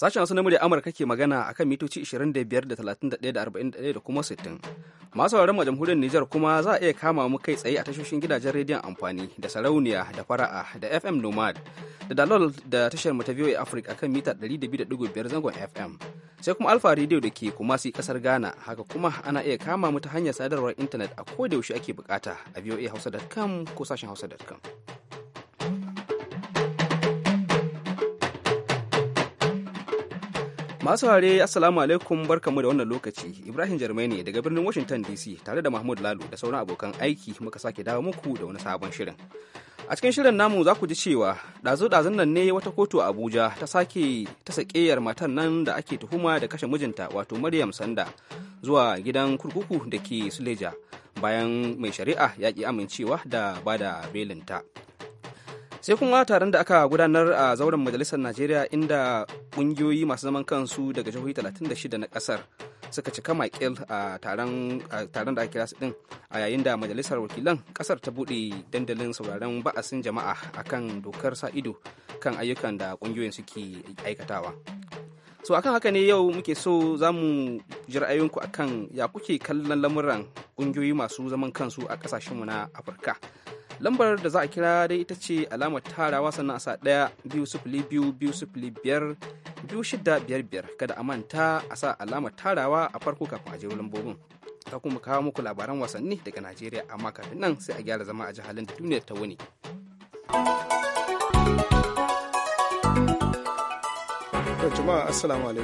Sashen wasu na murya Amurka ke magana a kan mitoci 25 da 31 da 41 da kuma 60. Masu sauraron mu jamhuriyar Nijar kuma za a iya kama mu kai tsaye a tashoshin gidajen rediyon amfani da sarauniya da fara'a da FM Nomad da Dalol da tashar mu ta VOA Africa kan mita 200.5 zangon FM. Sai kuma Alfa Radio da ke kuma su kasar Ghana haka kuma ana iya kama mu ta hanyar sadarwar intanet a ko kodayaushe ake bukata a voahausa.com ko sashen hausa.com. Masu hare Assalamu alaikum barkamu da wannan lokaci. Ibrahim Jarmai ne daga birnin Washington DC tare da Mahmud lalu da sauran abokan aiki muka sake dawo muku da wani sabon shirin. A cikin shirin namu za ku ji cewa ɗazu dazun nan ne wata kotu a Abuja ta sake ta sakeyar matan nan da ake tuhuma da kashe mijinta wato Maryam Sanda zuwa gidan kurkuku da ke Suleja bayan mai shari'a ya ki amincewa da bada belinta. sai kuma taron da aka gudanar a zauren majalisar najeriya inda kungiyoyi masu zaman kansu daga jihohi 36 na kasar suka cika makil a taron da aka kira din a yayin da majalisar wakilan kasar ta bude dandalin sauraron ba'asin jama'a akan dokar sa ido kan ayyukan da kungiyoyin suke aikatawa so akan haka ne yau muke so za mu ji ra'ayinku akan ya kuke kallon lamuran kungiyoyi masu zaman kansu a kasashenmu na afirka lambar da za a kira dai ita ce alamar tarawa sannan a sa ɗaya biyu sufuli biyu biyu sufuli biyar biyu shida biyar biyar kada a manta a sa alamar tarawa a farko kafin a je lambobin ta kuma kawo muku labaran wasanni daga najeriya amma kafin nan sai a gyara zama a jihalin da duniyar ta wuni jama'a assalamu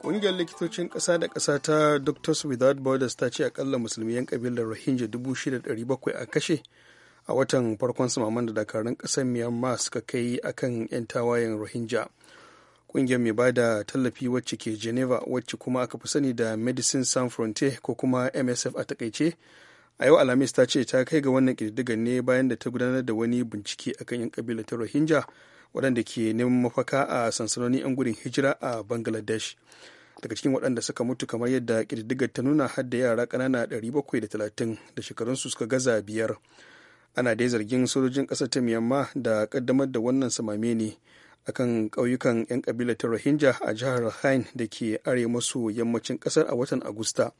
Ƙungiyar likitocin ƙasa da ƙasa ta Doctors Without Borders ta ce akalla musulmi 'yan ƙabilar Rohingya 6,700 a kashe a watan farkon samaman da dakarun kasar myanmar suka kai akan 'yan tawayen rohingya ƙungiyar mai bada tallafi wacce ke geneva wacce kuma aka fi sani da medicine sans frontier ko kuma msf a takaice a yau alhamis ta ce ta kai ga wannan ƙididdigar ne bayan da ta gudanar da wani bincike akan 'yan kabila ta rohingya waɗanda ke neman mafaka a sansanonin 'yan gudun hijira a bangladesh daga cikin waɗanda suka mutu kamar yadda ƙididdigar ta nuna har da yara ƙanana 730 da shekarunsu suka gaza biyar ana dai zargin sojojin ƙasar ta miyamma da ƙaddamar da wannan samame ne akan ƙauyukan 'yan ƙabilar ta rohingya a jihar rakhine da ke are maso yammacin ƙasar a watan agusta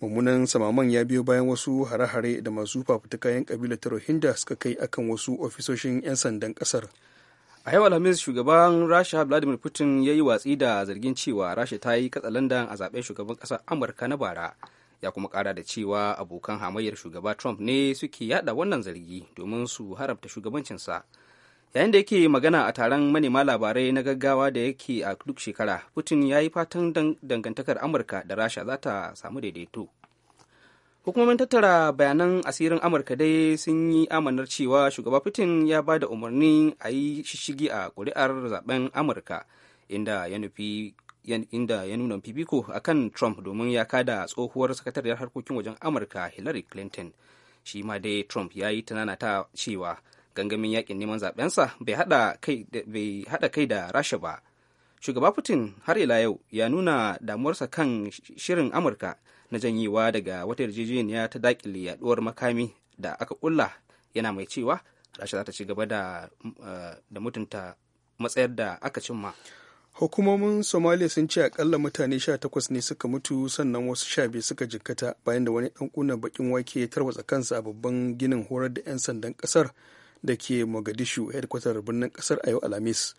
mummunan samaman ya biyo bayan wasu hare-hare da masu fafutuka 'yan ƙabilar ta rohingya suka kai akan wasu ofisoshin 'yan sandan ƙasar a yau alhamis shugaban rasha vladimir putin ya yi watsi da zargin cewa rasha ta yi katsalandan a zaɓen shugaban ƙasar amurka na bara ya kuma kara da cewa abokan hamayyar shugaba trump ne suke yada wannan zargi domin su harabta shugabancinsa yayin da yake magana a taron manema labarai na gaggawa da yake a duk shekara putin ya yi fatan dangantakar amurka da rasha za ta samu daidaito hukumomin tattara bayanan asirin amurka dai sun yi amanar cewa shugaba putin ya ba da umarnin a yi shishigi a kuri'ar zaben amurka inda ya nufi inda ya nuna fifiko akan trump domin ya kada tsohuwar sakatariyar harkokin wajen amurka hillary clinton shi ma dai trump ya yi tunana ta cewa gangamin yakin neman zaɓensa bai haɗa kai da rasha ba shugaba putin har ila yau ya nuna damuwarsa kan shirin amurka na janyewa daga wata yarjejeniya ta dakile yaduwar makami da aka kulla yana mai cewa rasha za ta ci gaba da eh, mutunta matsayar da aka cimma hukumomin somalia sun ce akalla mutane 18 ne suka mutu sannan wasu sha biyu suka jikkata bayan da wani ɗan kunan bakin wake ya tarwatsa kansa a babban ginin horar da 'yan sandan kasar da ke mogadishu headquarter birnin kasar a yau alhamis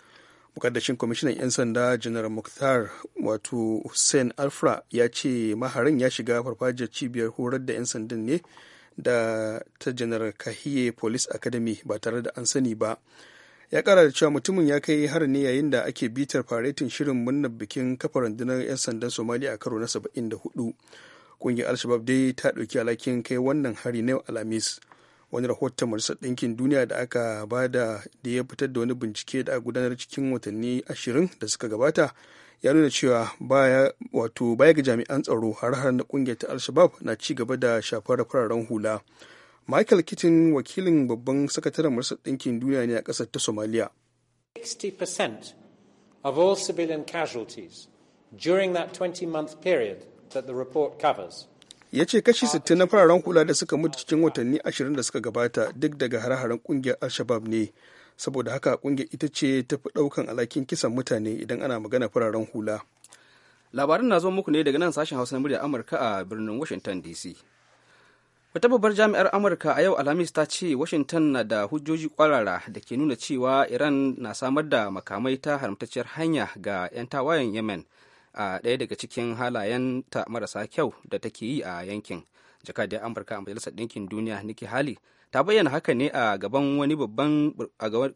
mukaddashin kwamishinan 'yan sanda janar muktar wato hussein alfra ya ce maharin ya shiga farfajiyar cibiyar horar da 'yan sandan ne da ta janar kahiye police academy ba tare da an sani ba ya kara da cewa mutumin ya kai har ne yayin da ake bitar faretin shirin murnar bikin kafa rundunar 'yan sandan somaliya a karo na 74 kungiyar alshabab dai ta ɗauki alhakin kai wannan hari na alhamis wani rahoton majalisar ɗinkin duniya da aka bada da ya fitar da wani bincike da aka gudanar cikin watanni ashirin da suka gabata ya nuna cewa baya wato baya ga jami'an tsaro har har na kungiyar ta alshabab na ci gaba da shafar fararen hula michael kitchen wakilin babban sakataren majalisar ɗinkin duniya ne a ƙasar ta somaliya 60% of all civilian casualties during that 20-month period that the report covers ya ce kashi sittin na fararen hula da suka mutu cikin watanni ashirin da suka gabata duk daga hare-haren kungiyar al-shabab ne saboda haka kungiyar ita ce ta fi daukan alhakin kisan mutane idan ana magana fararen hula labarin na zo muku ne daga nan sashen hausa na murya amurka a birnin washington dc wata babbar jami'ar amurka a yau alhamis ta ce washington na da hujjoji kwarara da ke nuna cewa iran na samar da makamai ta haramtacciyar hanya ga 'yan tawayen yemen a ɗaya daga cikin halayen ta marasa kyau da take yi a yankin jakadiyar amurka a majalisar ɗinkin duniya niki hali ta bayyana haka ne a gaban wani babban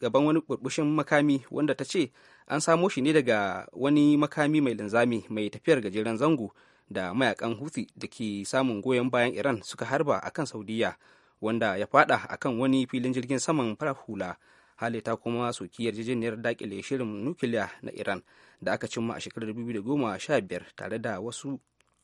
gaban wani burbushin makami wanda ta ce an samo shi ne daga wani makami mai linzami mai tafiyar gajeren zango da mayakan huthi da ke samun goyon bayan Iran suka harba a kan Saudiya wanda ya fada akan wani filin jirgin saman farar hula. ta kuma soki yarjejeniyar dakile shirin nukiliya na Iran da aka cimma a shekarar 2015 tare da wasu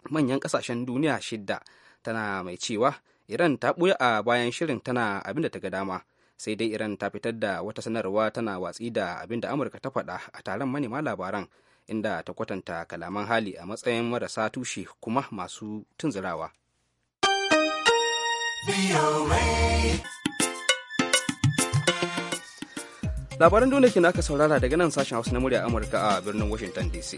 manyan kasashen duniya shidda tana mai cewa Iran ta ɓuya a bayan shirin tana abinda ta ga dama. sai dai iran ta fitar da wata sanarwa tana watsi da abinda amurka ta faɗa a taron manema labaran inda ta kwatanta kalaman hali a matsayin marasa tushe kuma masu tunzirawa. Labaran duniya ke aka saurara daga nan sashen Hausa na murya Amurka a birnin Washington DC.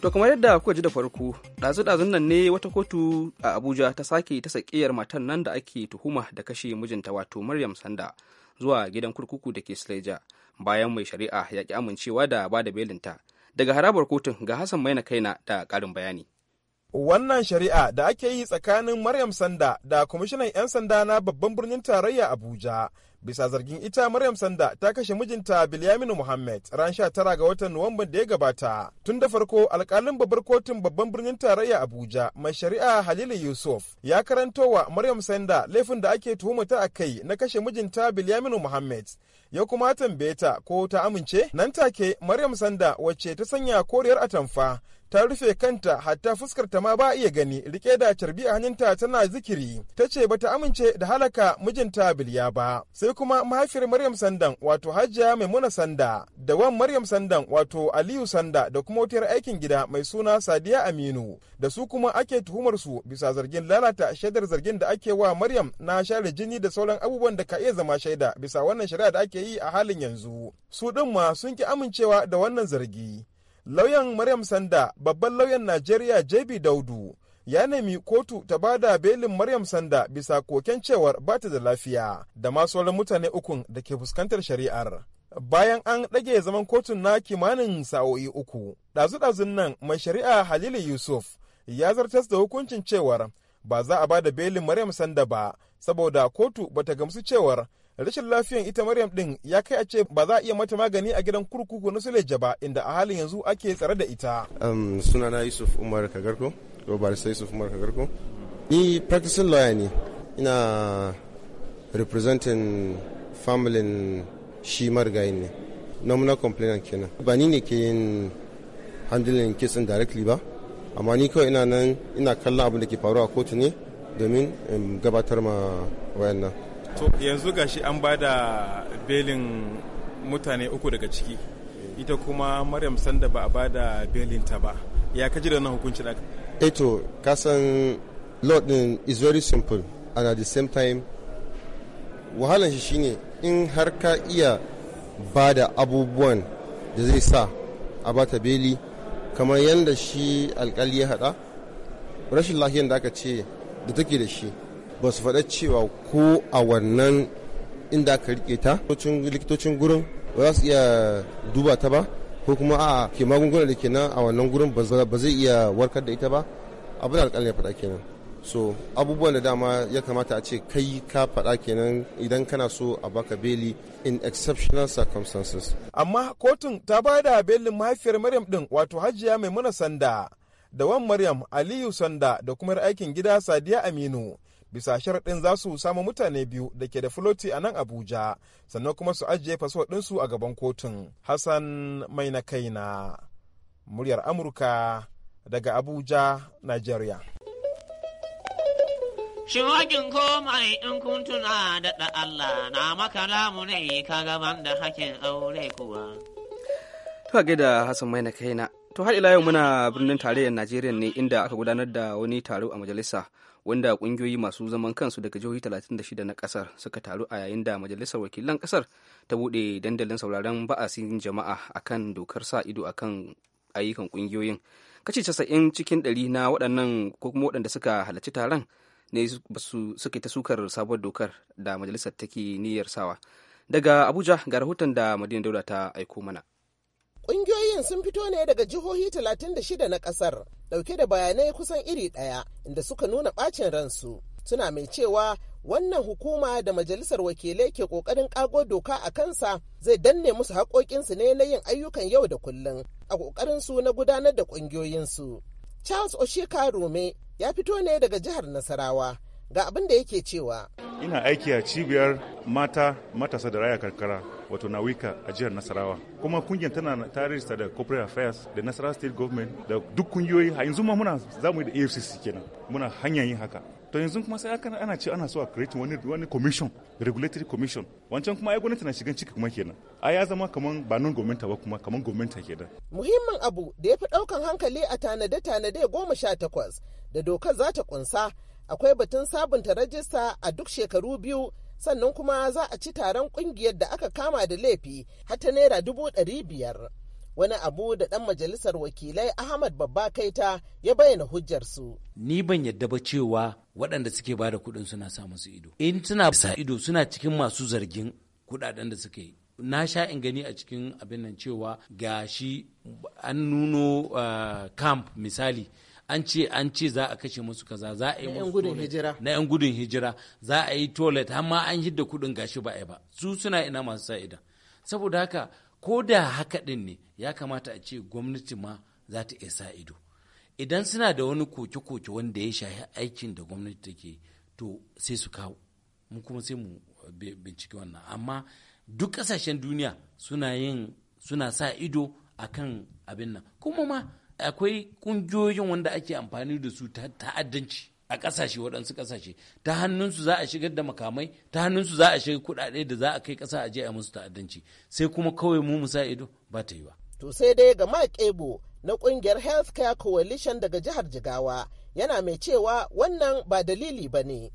To kamar yadda kuka ji da farko, ɗazu-ɗazun nan ne wata kotu a Abuja ta sake ta sakiyar matan nan da ake tuhuma da kashe mijinta wato Maryam Sanda zuwa gidan kurkuku da ke Sileja bayan mai shari'a ya ki amincewa da bada belinta. Daga harabar kotun ga Hassan Maina Kaina da ƙarin bayani. wannan shari'a da ake yi tsakanin maryam sanda da kwamishinan 'yan sanda na babban birnin tarayya abuja bisa zargin ita maryam sanda ta kashe mijinta bilyaminu muhammad ran tara ga watan nuwamban da ya gabata tun da farko alkalin babbar kotun babban birnin tarayya abuja mai shari'a halilu yusuf ya karanto wa maryam sanda laifin da ake tuhumata a kai na kashe mijinta bilyaminu muhammad ya kuma tambaye ta ko ta amince nan take maryam sanda wacce ta sanya koriyar atamfa ta rufe kanta hatta fuskarta ma ba iya gani rike da carbi a hannunta tana zikiri ta ce bata amince da halaka mijinta bilya ba sai kuma mahaifiyar maryam sandan wato hajiya maimuna sanda da wan maryam sandan wato aliyu sanda da kuma wutar aikin gida mai suna sadiya aminu da su kuma ake tuhumar su bisa zargin lalata shaidar zargin da ake wa maryam na share jini da sauran abubuwan da ka iya zama shaida bisa wannan shari'a da ake yi a halin yanzu su ɗin ma sun ki amincewa da wannan zargi lauyan maryam sanda babban lauyan najeriya jb daudu ya nemi kotu ta ba da belin maryam sanda bisa koken cewar ba ta da lafiya da masu wani mutane ukun da ke fuskantar shari'ar bayan an ɗage zaman kotun na kimanin sa'o'i uku ɗazu-ɗazun nan mai shari'a halilu yusuf ya zartas da hukuncin cewar ba za a ba da belin maryam sanda ba saboda kotu bata gamsu cewar rashin lafiyan ita maryam din ya kai a ce ba za a iya mata magani a gidan kurkuku na suleja ba inda a halin yanzu ake tsare da ita sunana yusuf umar kagarko ko barista yusuf umar kagarko ni practicing lawyer ne ina representing family shi marigayi ne nominal complainant kenan ba ni ne ke yin handling kisan directly ba amma ni kawai ina nan ina kallon abin da ke a kotu ne domin gabatar ma wayannan to yanzu gashi an ba da belin mutane uku daga ciki ita kuma maryam sanda ba a ba da belin ta ba ya kaji da wannan hukuncin aka eto eh kasan lord din is very simple and at the same time wahalan shi shine in har ka iya ba da abubuwan da zai sa a ba ta beli kamar yadda shi alkali ya haɗa rashin lafiyan da aka ce da take da shi ba su faɗa cewa ko a wannan inda aka rike ta likitocin gurin ba za su iya duba ta ba ko kuma a ke magunguna da ke nan a wannan gurin ba zai iya warkar da ita ba abu da alƙalin ya faɗa kenan so abubuwan da dama ya kamata a ce kai ka faɗa kenan idan kana so a baka beli in exceptional circumstances amma kotun ta ba da belin mahaifiyar maryam din wato hajiya maimuna sanda da wan maryam aliyu sanda da kuma aikin gida sadiya aminu bisa sharaɗin za su samu mutane biyu da ke da filoti a nan abuja sannan kuma su ajiye fasfo ɗinsu a gaban kotun hassan mai na kaina muryar amurka daga abuja nigeria Shin hakin komai in kun tuna Allah na maka lamu ne ka gaban da hakin aure kuwa. To gida Hassan mai na kaina. To har ila yau muna birnin tarayyar Najeriya ne inda aka gudanar da wani taro a majalisa wanda kungiyoyi masu zaman kansu daga jihohi 36 na kasar suka taru a yayin da majalisar wakilan kasar ta bude dandalin sauraron ba'asin jama'a akan dokar sa ido akan ayyukan kungiyoyin kashi casa'in cikin 100 na waɗannan ko kuma waɗanda suka halarci taron ne su suke ta sukar sabuwar dokar da majalisar take niyyar sawa daga abuja ga rahoton da madina daula ta aiko mana ƙungiyoyin sun fito ne daga jihohi 36 na ƙasar dauke da bayanai kusan iri daya inda suka nuna ɓacin ransu suna mai cewa wannan hukuma da majalisar wakilai ke ƙoƙarin ƙago doka a kansa zai danne musu haƙoƙinsu ne na yin ayyukan yau da kullum a ƙoƙarinsu na gudanar da ƙungiyoyinsu. Charles Oshika rome ya fito ne daga jihar Nasarawa ga abin da yake cewa. Ina aiki a cibiyar mata matasa da raya karkara wato nawika a jihar nasarawa kuma kungiyar tana ta tarihinsa da corporate affairs da nasarawa state government da duk kungiyoyi a yanzu ma muna za mu yi da afcc kenan muna hanyar yin haka to yanzu kuma sai aka ana ce ana so a create wani wani commission regulatory commission wancan kuma ai gwamnati na shigan ciki kuma kenan a ya zama kaman ba non gwamnati ba kuma kaman gwamnati kenan muhimmin abu da ya fi daukan hankali a tanade tanade goma sha takwas da dokar za ta kunsa akwai batun sabunta rajista a duk shekaru biyu sannan kuma za a ci taron kungiyar da aka kama da laifi har ta naira dubu ɗari biyar wani abu da ɗan majalisar wakilai ahmad babba kaita ya bayyana hujjarsu ni ban yadda ba cewa waɗanda suke bada kuɗin suna samun su ido in suna sa ido suna cikin masu zargin kuɗaɗen da suka yi na sha in gani a cikin abin nan cewa gashi an nuno ah, camp misali an ce an ce za a kashe musu kaza za a yi musu na yan gudun hijira za a yi toilet amma an yi da kudin gashi ba a ba su suna ina masu sa idan saboda haka ko da haka din ne ya kamata a ce gwamnati ma za ta iya sa ido idan suna da wani koke-koke wanda ya shahi aikin da gwamnati take to sai su kawo mu kuma sai mu bincike wannan amma duk kasashen duniya suna yin suna sa ido akan abin nan kuma ma akwai kungiyoyin wanda ake amfani da su ta ta'addanci a ƙasashe waɗansu ƙasashe ta hannunsu za a shigar da makamai ta hannunsu za a shiga kuɗaɗe da za a kai ƙasa a je a musu ta'addanci sai kuma kawai mu musa ido ba ta yi ba. To sai dai ga Mark Ebo na ƙungiyar Healthcare Coalition daga jihar Jigawa yana mai cewa wannan ba dalili ba ne.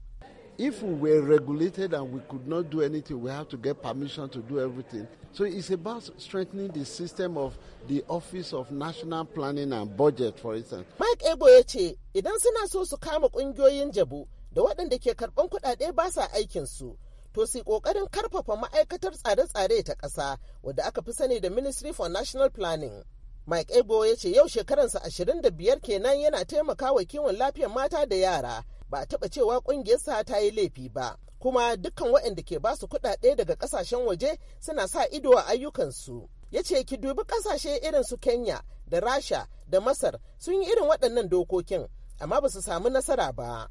If we were regulated and we could not do anything, we have to get permission to do everything. So it's about strengthening the system of the Office of National Planning and Budget, for instance. Mike Ebo ya ce, idan suna so su kama ƙungiyoyin jabu da waɗanda ke karɓan kuɗaɗe ba sa aikinsu, to su ƙoƙarin karfafa ma'aikatar tsare-tsare ta ƙasa wadda aka fi sani da Ministry for National Planning. Mike Ebo ya ce yau shekaransa 25 kenan yana taimakawa kiwon lafiyar mata da yara ba a taɓa cewa ƙungiyarsa ta yi laifi ba kuma dukkan waɗanda ke ba su kuɗaɗe daga ƙasashen waje suna sa ido a ayyukansu ya ce ki dubi ƙasashe irin su kenya da rasha da masar sun yi irin waɗannan dokokin amma ba su samu nasara ba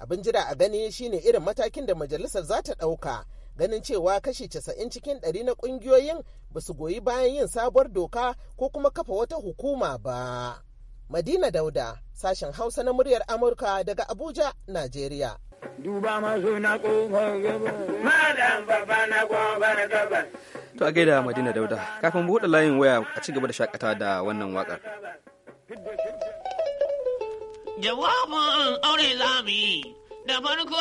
abin jira a gani shine irin matakin da majalisar za ta ɗauka ganin cewa kashi casa'in cikin ɗari na ƙungiyoyin ba su goyi bayan yin sabuwar doka ko kuma kafa wata hukuma ba. Madina Dauda, sashen Hausa na muryar Amurka daga Abuja, Najeriya. Duba masu na kofar baba na kofar gabar. To a gaida Madina Dauda, kafin buɗe layin waya a ci gaba da shakata da wannan waƙar. Jawabin aure lami da farko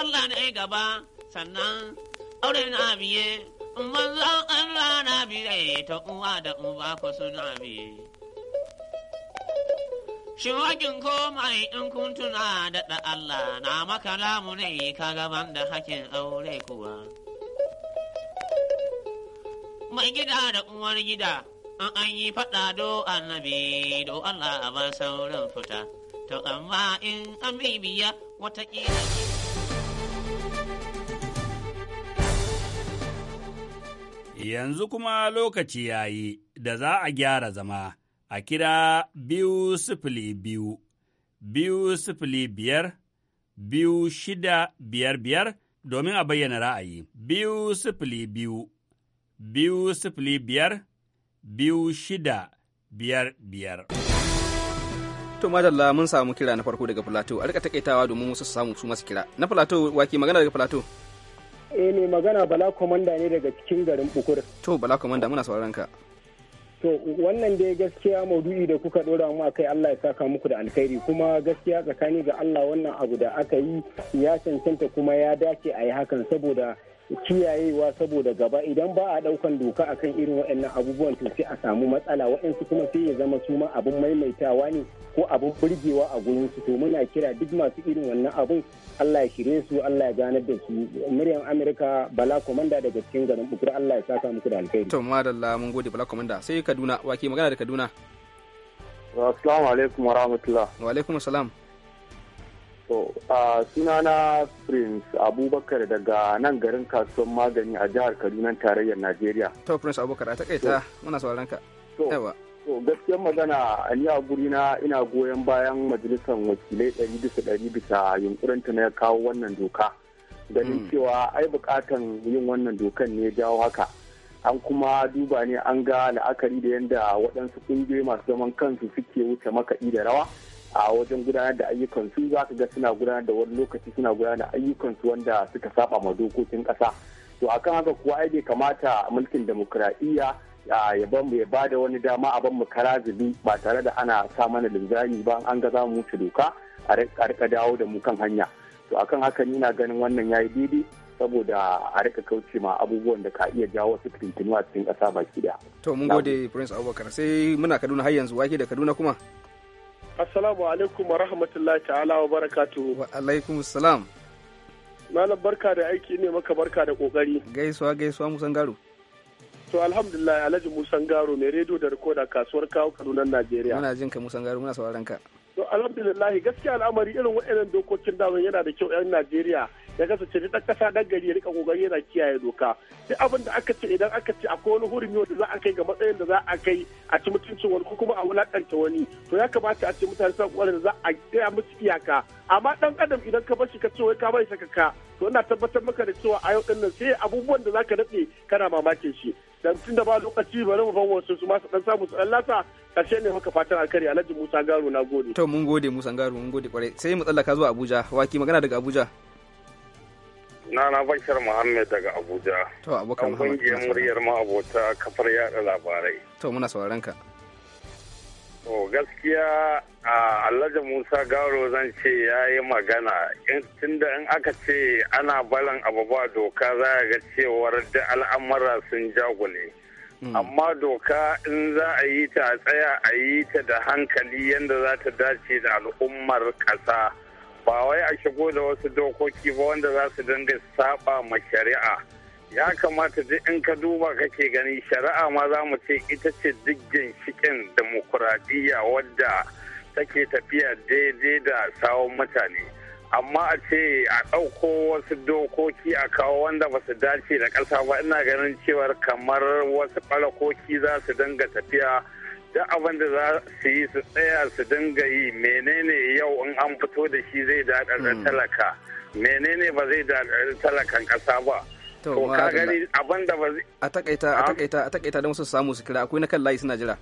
Allah na gaba sannan aure na biye, manzan Allah na biye ta uwa da uba ku suna biye. Shin hakin komai in kun tuna daɗa Allah na maka lamu ne ka gaban da hakin aure kuwa. Mai gida da uwar gida, an an yi faɗa do annabi do Allah a ba sauran fita. To amma in an bibiya watakila. Yanzu kuma lokaci ya yi, da za a gyara zama. a kira biyu sifili biyu, biyu sifili biyar, biyu shida biyar biyar domin a bayyana ra'ayi. Biyu sifili biyu, biyu sifili biyar, biyu shida biyar biyar. To madalla mun samu kira na farko daga Filato, a rika takaitawa domin wasu samu su masu kira. Na Filato, wake magana daga Filato? Eh mai magana Bala Komanda ne daga cikin garin Bukur. To Bala Komanda muna sauraron ka. To wannan dai gaskiya maudu'i da kuka dora mu akai Allah ya saka muku da alkhairi kuma gaskiya tsakani ga Allah wannan abu da aka yi ya cancanta kuma ya dace a yi hakan saboda kiyayewa saboda gaba idan ba a daukan doka akan irin waɗannan abubuwan to sai a samu matsala waɗansu kuma sai ya zama su ma abin maimaitawa ne ko abin burgewa a gurin su to muna kira duk masu irin wannan abun Allah ya shirye su Allah ya ganar da su muryan Amerika Bala Komanda daga cikin garin Bukur Allah ya saka muku da alkhairi to madalla mun gode Bala Komanda sai Kaduna wake magana da Kaduna Assalamu alaikum wa rahmatullah wa alaikum assalam so a sunana Prince Abubakar daga nan garin kasuwan magani a jihar Kaduna tarayyar Najeriya. To, Prince Abubakar, a takaita muna sauran ka. Yawa. To, gaskiyar magana a ni a gurina ina goyon bayan majalisar wakilai ɗari bisa ɗari bisa yunkurinta na ya kawo wannan doka. Ganin mm. cewa ai bukatan yin wannan dokan ne ya jawo haka. An kuma duba ne an ga la'akari da yadda waɗansu ƙungiyoyi masu zaman kansu suke wuce makaɗi da rawa. a wajen gudanar da ayyukansu za ka ga suna gudanar da wani lokaci suna gudanar da ayyukan su wanda suka saba ma dokokin kasa to akan haka kuwa ai bai kamata mulkin demokuraɗiyya ya ban ya ba da wani dama a ban mu kara zubi ba tare da ana sa mana linzami ba an ga za mu wuce doka a rika dawo da mu kan hanya to akan haka ni na ganin wannan yayi daidai saboda a rika kauce ma abubuwan da ka iya jawo su fitintinu a cikin kasa baki daya to mun gode prince abubakar sai muna kaduna har yanzu wake da kaduna kuma Assalamu alaikum wa rahmatullahi ta'ala wa barakatu. Wa alaikum salam. Malam barka da aiki ne maka barka da kokari. Gaisuwa gaisuwa musan garo. To alhamdulillah Alhaji Musan Garo mai rediyo da rikoda kasuwar kawo Kaduna Najeriya. Muna jin ka Musan Garo muna sauraron ka. to alhamdulillah gaskiya al'amari irin wa'annan dokokin daman yana da kyau 'yan najeriya ya kasance da ɗan ƙasa ɗan gari ya rika ƙoƙari yana kiyaye doka duk abin da aka ce idan aka ce akwai wani hurumi wanda za a kai ga matsayin da za a kai a ci mutuncin wani ko kuma a wulakanta wani to ya kamata a ce mutane suna ƙoƙarin da za a tsaya musu iyaka amma dan adam idan ka bar shi ka ce wai ka bai saka ka to ina tabbatar maka da cewa a yau din nan sai abubuwan da zaka daɗe kana mamakin shi dan da ba lokaci ba mu ban wasu su masu dan samu su dan lasa karshe ne maka fatan alkari Alhaji Musa Garo na gode to mun gode Musa Garo mun gode kwarai sai mu tsallaka zuwa Abuja waki magana daga Abuja na na Bashir muhammed daga Abuja to abokan muhammed kungiyar muryar ma abota kafar yada labarai to muna sauraron ka To gaskiya a Alhaji Musa Garo zan ce ya yi magana tunda in aka ce ana balan abu doka za a ga cewar da al'amura sun jagule. Hmm. Amma doka in za a yi ta a tsaya a yi ta da hankali yadda za ta dace da al'ummar ƙasa. Ba wai a shigo da wasu dokoki ba wanda za su dinga saba ma shari'a. ya kamata duk in ka duba kake gani shari'a ma za mu ce ita ce duk ginshiƙin demokuraɗiyya wadda take tafiya daidai da sawon mutane amma a ce a ɗauko wasu dokoki a kawo wanda ba su dace da ƙasa ba ina ganin cewar kamar wasu ɓalakoki za su dinga tafiya duk abin da za su yi su tsaya su dinga yi menene yau in an fito da shi zai daɗa hmm. talaka menene ba zai daɗa talakan ƙasa ba to ka gani abin da ba a takaita a takaita a takaita don su samu su kira akwai na kan layi suna jira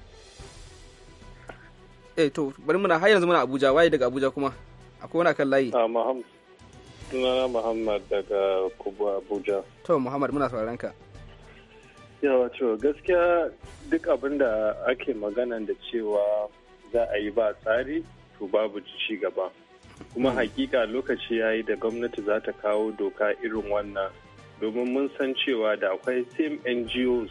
eh to bari muna har yanzu muna Abuja waye daga Abuja kuma akwai wani kan layi a ah, Muhammad sunana Muhammad daga Kubu Abuja to Muhammad muna sauraron ka yawa to gaskiya duk abin da ake magana da cewa za a yi ba tsari to babu ci gaba kuma hmm. hakika lokaci ya yi da gwamnati za ta kawo doka irin wannan domin mun san cewa da akwai same ngos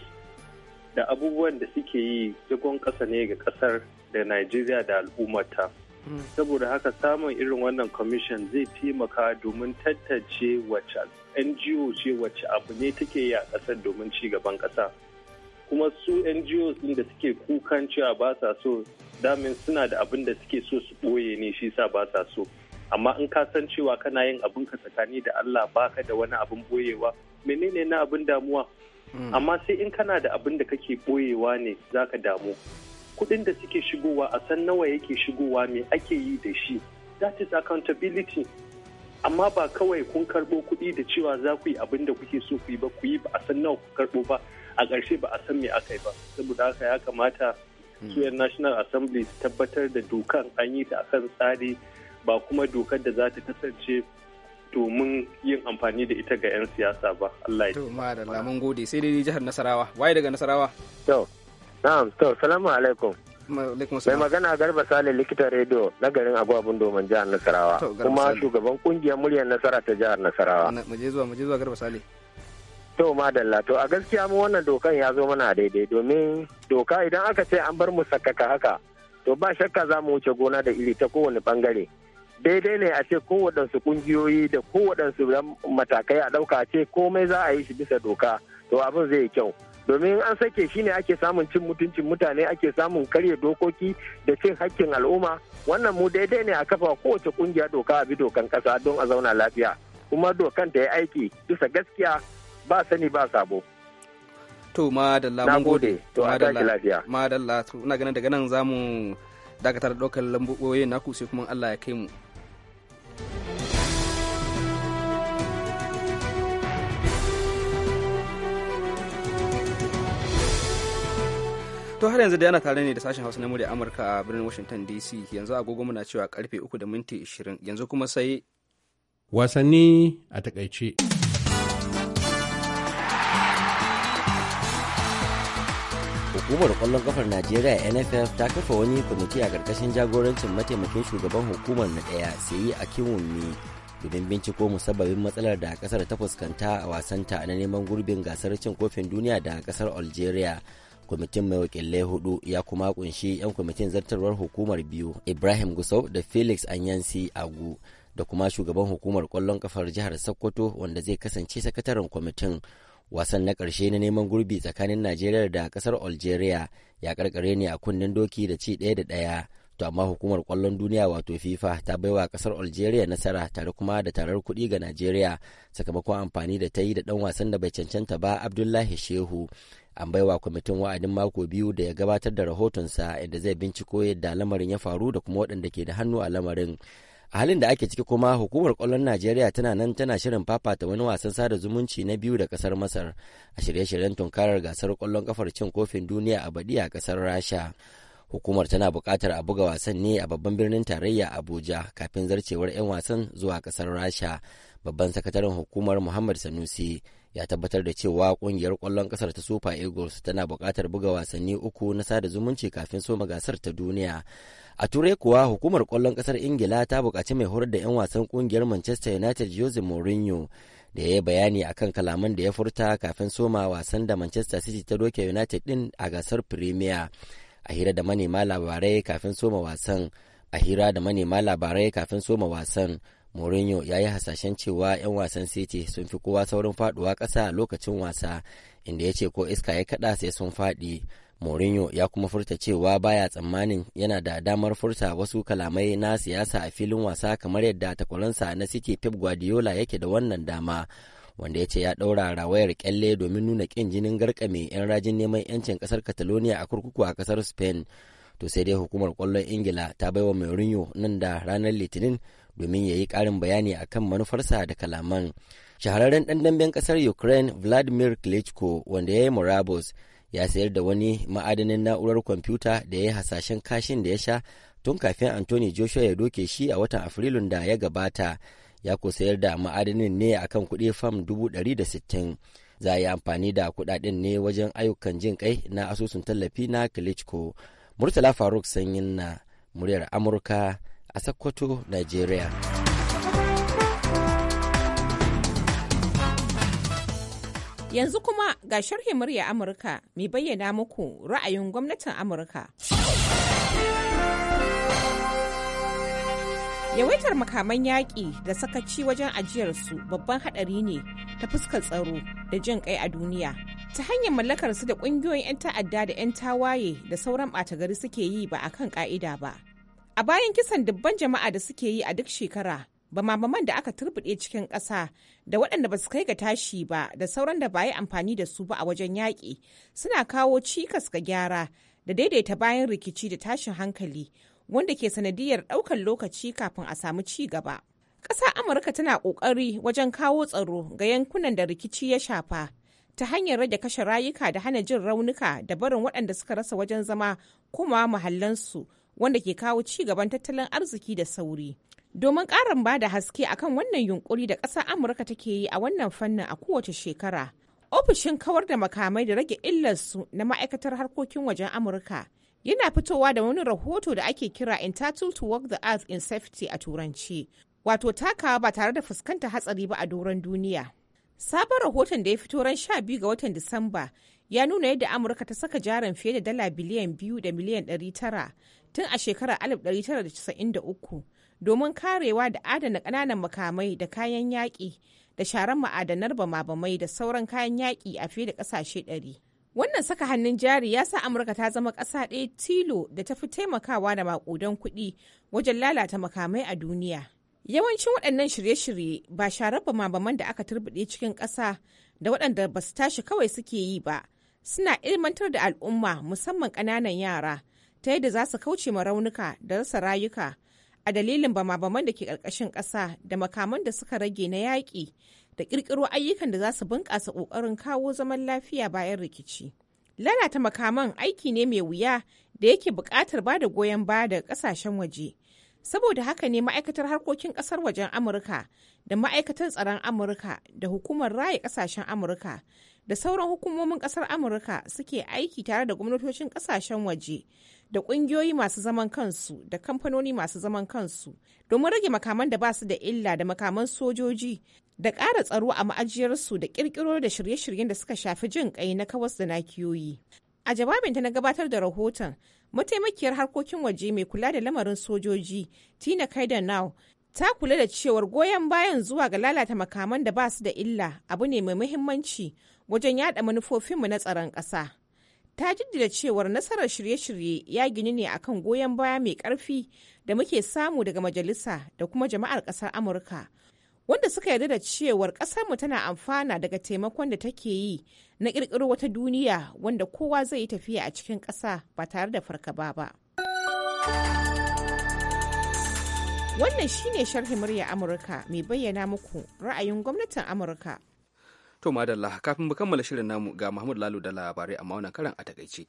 da abubuwan da suke yi zagon ƙasa ne ga ƙasar da najeriya da al'ummata hmm. saboda haka samun irin wannan commission zai taimaka domin tattace wacce ngo ce wacce abu ne take yi a ƙasar domin ci gaban ƙasa kuma su ngos ɗin da suke kukan cewa ba sa so damin suna da abin da suke so su ɓoye ne shi sa ba sa so amma in ka san cewa kana yin abin ka tsakani da Allah baka da wani abin boyewa menene na abin damuwa hmm. amma sai in kana da abin da kake boyewa ne zaka damu kudin da suke shigowa a san nawa yake shigowa me ake yi da shi that is accountability amma ba kawai kun karbo kuɗi da cewa za ku yi abin da kuke so ku yi ba ku yi ba a san nawa ku karbo ba a ƙarshe ba a san me aka yi ba saboda haka ya kamata hmm. su yan national assembly tabbatar da dokan an yi ta a kan tsari ba kuma dokar da za ta kasance domin yin amfani da ita ga 'yan siyasa ba Allah ya to da lamun gode sai dai jihar Nasarawa waye daga Nasarawa to na'am to salamu alaikum mai magana garba sale likitan radio na garin agwabun domin jihar nasarawa kuma shugaban kungiyar muryar nasara ta jihar nasarawa mu je zuwa mu je zuwa garba sale to madalla to a gaskiya mu wannan dokan ya zo mana daidai domin doka idan aka ce an bar mu sakaka haka to ba shakka za mu wuce gona da iri ta kowane bangare daidai ne a ce kowaɗansu ƙungiyoyi da kowaɗansu matakai a ɗauka ce komai za a yi shi bisa doka to abin zai yi kyau domin an sake shi ne ake samun cin mutuncin mutane ake samun karya dokoki da cin hakkin al'umma wannan mu daidai ne a kafa kowace ƙungiya doka a bi dokan ƙasa don a zauna lafiya kuma dokan ta yi aiki bisa gaskiya ba sani ba sabo. To madalla mun gode. To lafiya. Madalla to ina ganin daga nan zamu dakatar da ɗaukar lamboboyin naku sai kuma Allah ya kai mu. To har yanzu da yana tare ne da sashen Hausa na murya Amurka a birnin Washington DC yanzu agogo muna cewa karfe 3 da minti 20 yanzu kuma sai wasanni a takaice. hukumar kwallon kafar najeriya nff ta kafa wani kwamiti a karkashin jagorancin mataimakin shugaban hukumar na daya sai a kiwunmi domin binciko musabbabin matsalar da kasar ta fuskanta a wasanta na neman gurbin gasar cin kofin duniya da kasar algeria kwamitin mai wakile hudu ya kuma kunshi 'yan kwamitin zartarwar hukumar biyu ibrahim gusau da felix anyansi agu da kuma shugaban hukumar kwallon kafar jihar sokoto wanda zai kasance sakataren kwamitin wasan na karshe na neman gurbi tsakanin najeriya da kasar algeria ya karkare ne a kunnen doki da ci daya da ɗaya to amma hukumar kwallon duniya wato fifa ta baiwa kasar algeria nasara tare kuma da tarar kuɗi ga nigeria sakamakon amfani da ta yi da ɗan wasan da bai cancanta ba abdullahi shehu an baiwa kwamitin wa'adin mako biyu da ya gabatar da rahotonsa inda zai binciko yadda lamarin ya faru da kuma waɗanda ke da hannu a lamarin a halin da ake ciki kuma hukumar kwallon najeriya tana nan tana shirin fafata wani wasan sada zumunci na biyu da kasar masar a shirye-shiryen tunkarar gasar kwallon kafar cin kofin duniya a baɗi a kasar rasha hukumar tana buƙatar a buga wasan ne a babban birnin tarayya abuja kafin zarcewar 'yan wasan zuwa ƙasar rasha babban sakataren hukumar muhammad sanusi ya tabbatar da cewa ƙungiyar ƙwallon ƙasar ta super eagles tana buƙatar buga wasanni uku na sada zumunci kafin soma gasar ta duniya a turai kuwa hukumar ƙwallon ƙasar ingila ta buƙaci mai horar da 'yan wasan kungiyar manchester united jose mourinho da ya yi bayani akan kalaman da ya furta kafin soma wasan da manchester city ta doke united din a gasar premier a hira da manema labarai kafin soma wasan a hira da manema labarai kafin soma wasan Mourinho ya yi hasashen cewa 'yan wasan City sun fi kowa saurin faduwa ƙasa lokacin wasa inda ya ce ko iska ya kaɗa sai sun faɗi. Mourinho ya kuma furta cewa baya tsammanin yana da damar furta wasu kalamai na siyasa a filin wasa kamar yadda takwaransa na City Pep Guardiola yake da wannan dama. wanda ya ce ya ɗaura rawayar kyalle domin nuna ƙin jinin garkame 'yan rajin neman 'yancin ƙasar catalonia a kurkuku a ƙasar spain to sai dai hukumar kwallon ingila ta bai wa mourinho nan da ranar litinin domin ya yi ƙarin bayani akan manufarsa da kalaman shahararren ɗan damben ƙasar ukraine vladimir klitschko wanda ya yi murabus ya sayar da wani ma'adanin na'urar kwamfuta da ya yi hasashen kashin da ya sha tun kafin anthony joshua ya doke shi a watan afrilun da ya gabata ya ko sayar da ma'adanin ne a kan kuɗi fam dubu ɗari da sittin za a yi amfani da kuɗaɗen ne wajen ayyukan jin kai na asusun tallafi na kilichko murtala faruk sanyin na muryar amurka a sakkwato nigeria yanzu kuma ga sharhin murya amurka mai bayyana muku ra'ayin gwamnatin amurka yawaitar makaman yaƙi da sakaci wajen ajiyarsu babban haɗari ne ta fuskar tsaro da jin kai a duniya ta hanyar mallakar su da ƙungiyoyin 'yan ta'adda da 'yan tawaye da sauran ɓata gari suke yi ba a kan ƙa'ida ba a bayan kisan dubban jama'a da suke yi a duk shekara ba mamaman da aka turbuɗe cikin ƙasa da waɗanda ba su kai ga tashi ba da sauran da ba yi amfani da su ba a wajen yaƙi suna kawo cikas ga gyara da daidaita bayan rikici da tashin hankali wanda ke sanadiyar ɗaukar lokaci kafin a samu ci gaba. Ƙasa Amurka tana ƙoƙari wajen kawo tsaro ga yankunan da rikici ya shafa ta hanyar rage kashe rayuka da hana jin raunuka da barin waɗanda suka rasa wajen zama kuma muhallansu, wanda ke kawo ci gaban tattalin arziki da sauri. Domin ƙarin ba da haske akan wannan yunƙuri da ƙasa Amurka take yi a wannan fannin a kowace shekara, ofishin kawar da makamai da rage illarsu na ma'aikatar harkokin wajen Amurka yana fitowa da wani rahoto da ake kira entitled to work the earth in safety a turanci wato takawa ba tare da fuskanta hatsari ba a doron duniya sabon rahoton da ya fito ran 12 ga watan disamba ya nuna yadda amurka ta saka jarin fiye da dala biliyan biyu da miliyan 900 tun a shekarar 1993 domin karewa da adana kananan makamai da kayan yaƙi da sharan ma'adanar bama-bamai da sauran kayan yaƙi a fiye da ƙasashe 100 Wannan saka hannun jari ya sa Amurka ta zama ƙasa ɗaya tilo da ta fi taimakawa da maƙudan kuɗi wajen lalata makamai a duniya. Yawancin waɗannan shirye-shirye ba sharar bama-baman da aka turbiɗe cikin ƙasa da waɗanda ba su tashi kawai suke yi ba, suna ilmantar da al'umma musamman ƙananan yara ta yadda za su kauce ma raunuka da rasa rayuka a dalilin bama-baman da ke ƙarƙashin ƙasa da makaman da suka rage na yaƙi da ƙirƙiro ayyukan da za su bunƙasa ƙoƙarin kawo zaman lafiya bayan rikici. Lalata makaman aiki ne mai wuya da yake buƙatar ba da goyon baya daga ƙasashen waje. Saboda haka ne ma'aikatar harkokin ƙasar wajen Amurka da ma'aikatar tsaron Amurka da hukumar raye ƙasashen Amurka da sauran hukumomin ƙasar Amurka suke aiki tare da gwamnatocin ƙasashen waje da ƙungiyoyi masu zaman kansu da kamfanoni masu zaman kansu domin rage makaman da ba su da illa da makaman sojoji da ƙara tsaro a ma'ajiyarsu da ƙirƙiro da shirye-shiryen da suka shafi jin ƙai na kawas da nakiyoyi. A jawabinta na gabatar da rahoton, mataimakiyar harkokin waje mai kula da lamarin sojoji Tina Kaidanau ta kula da cewar goyon bayan zuwa ga lalata makaman da ba su da illa abu ne mai muhimmanci wajen yada manufofinmu na tsaron ƙasa. Ta jiddida cewar nasarar shirye-shirye ya gini ne akan goyon baya mai ƙarfi da muke samu daga majalisa da kuma jama'ar ƙasar Amurka wanda suka yarda da cewar ƙasarmu tana amfana daga taimakon da take yi na ƙirƙiro wata duniya wanda kowa zai yi tafiya a cikin ƙasa ba tare da fargaba ba. Wannan shi ne sharhi murya Amurka mai bayyana muku ra'ayin gwamnatin Amurka. To madalla kafin mu kammala shirin namu ga Mahmud lalu da labarai amma wannan karan a takaice.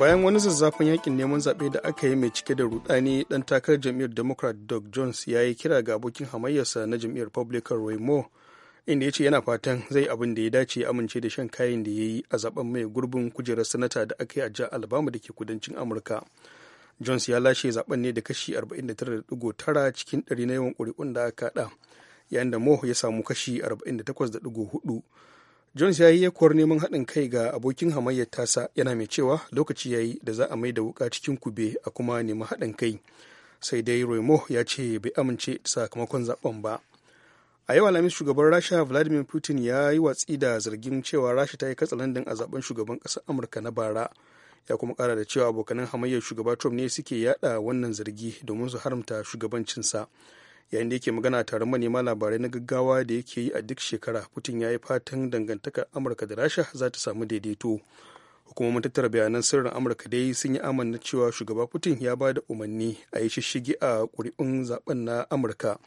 bayan wani zazzafin yakin neman zaɓe da aka yi mai cike da rudani ɗan takarar jam'iyyar democrat doug jones ya yi kira ga abokin hamayyarsa na jam'iyyar republican roy moore inda ya ce yana fatan zai abin da ya dace amince da shan kayan da ya yi a zaben mai gurbin kujerar sanata da aka yi a jihar alabama da ke kudancin amurka jones ya lashe zaben ne da kashi 49.9 cikin 100 na yawan ƙuri'un da aka haɗa yayin da moore ya samu kashi 48.4 jones ya yi yakuwar neman haɗin kai ga abokin hamayyar tasa yana mai cewa lokaci ya yi da za a mai da wuka cikin kube a kuma nemi haɗin kai sai dai romo ya ce bai amince sakamakon zaben ba a yau alhamis shugaban rasha vladimir putin ya yi watsi da zargin cewa rasha ta yi katsalandan a zaben shugaban ƙasar amurka na bara ya kuma kara da cewa abokanan hamayyar shugaba trump ne suke yada wannan zargi domin su haramta shugabancinsa yayin da yake magana taron manema labarai na gaggawa da yake yi a duk shekara putin ya yi fatan dangantakar amurka da rasha za ta samu daidaito hukumomin tattara bayanan sirrin amurka dai sun yi amanna cewa shugaba putin ya ba da umarni a yi shishigi a kuri'un zaben na amurka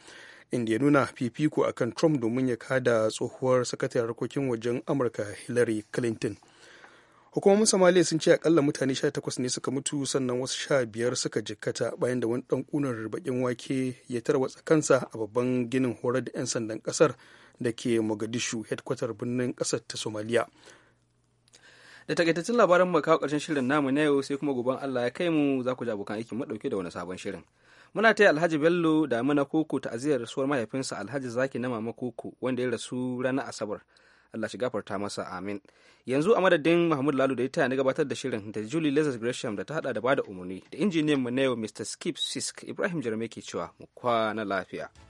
inda ya nuna fifiko akan trump domin ya kada tsohuwar sakatare harkokin wajen amurka hillary clinton hukumomin somaliya sun ce akalla mutane 18 ne suka mutu sannan wasu sha biyar suka jikkata bayan da wani dan kunar bakin wake ya tarwatsa kansa a babban ginin horar da 'yan sandan kasar da ke mogadishu headquarter birnin kasar ta somaliya da takaitattun labaran mu kawo karshen shirin namu na yau sai kuma goban allah ya kai mu za ku ji abokan aikin mu dauke da wani sabon shirin muna taya alhaji bello da muna koko ta aziyar rasuwar mahaifinsa alhaji zaki na mama koko wanda ya rasu ranar asabar Allah shi gafarta masa amin yanzu a madadin Mahmud Lalu da ita na gabatar da shirin da Julie Lazarus Gresham da ta hada da bada umarni da injiniyan mu na yau Mr. Skip Sisk Ibrahim Jarme ke cewa mu kwana lafiya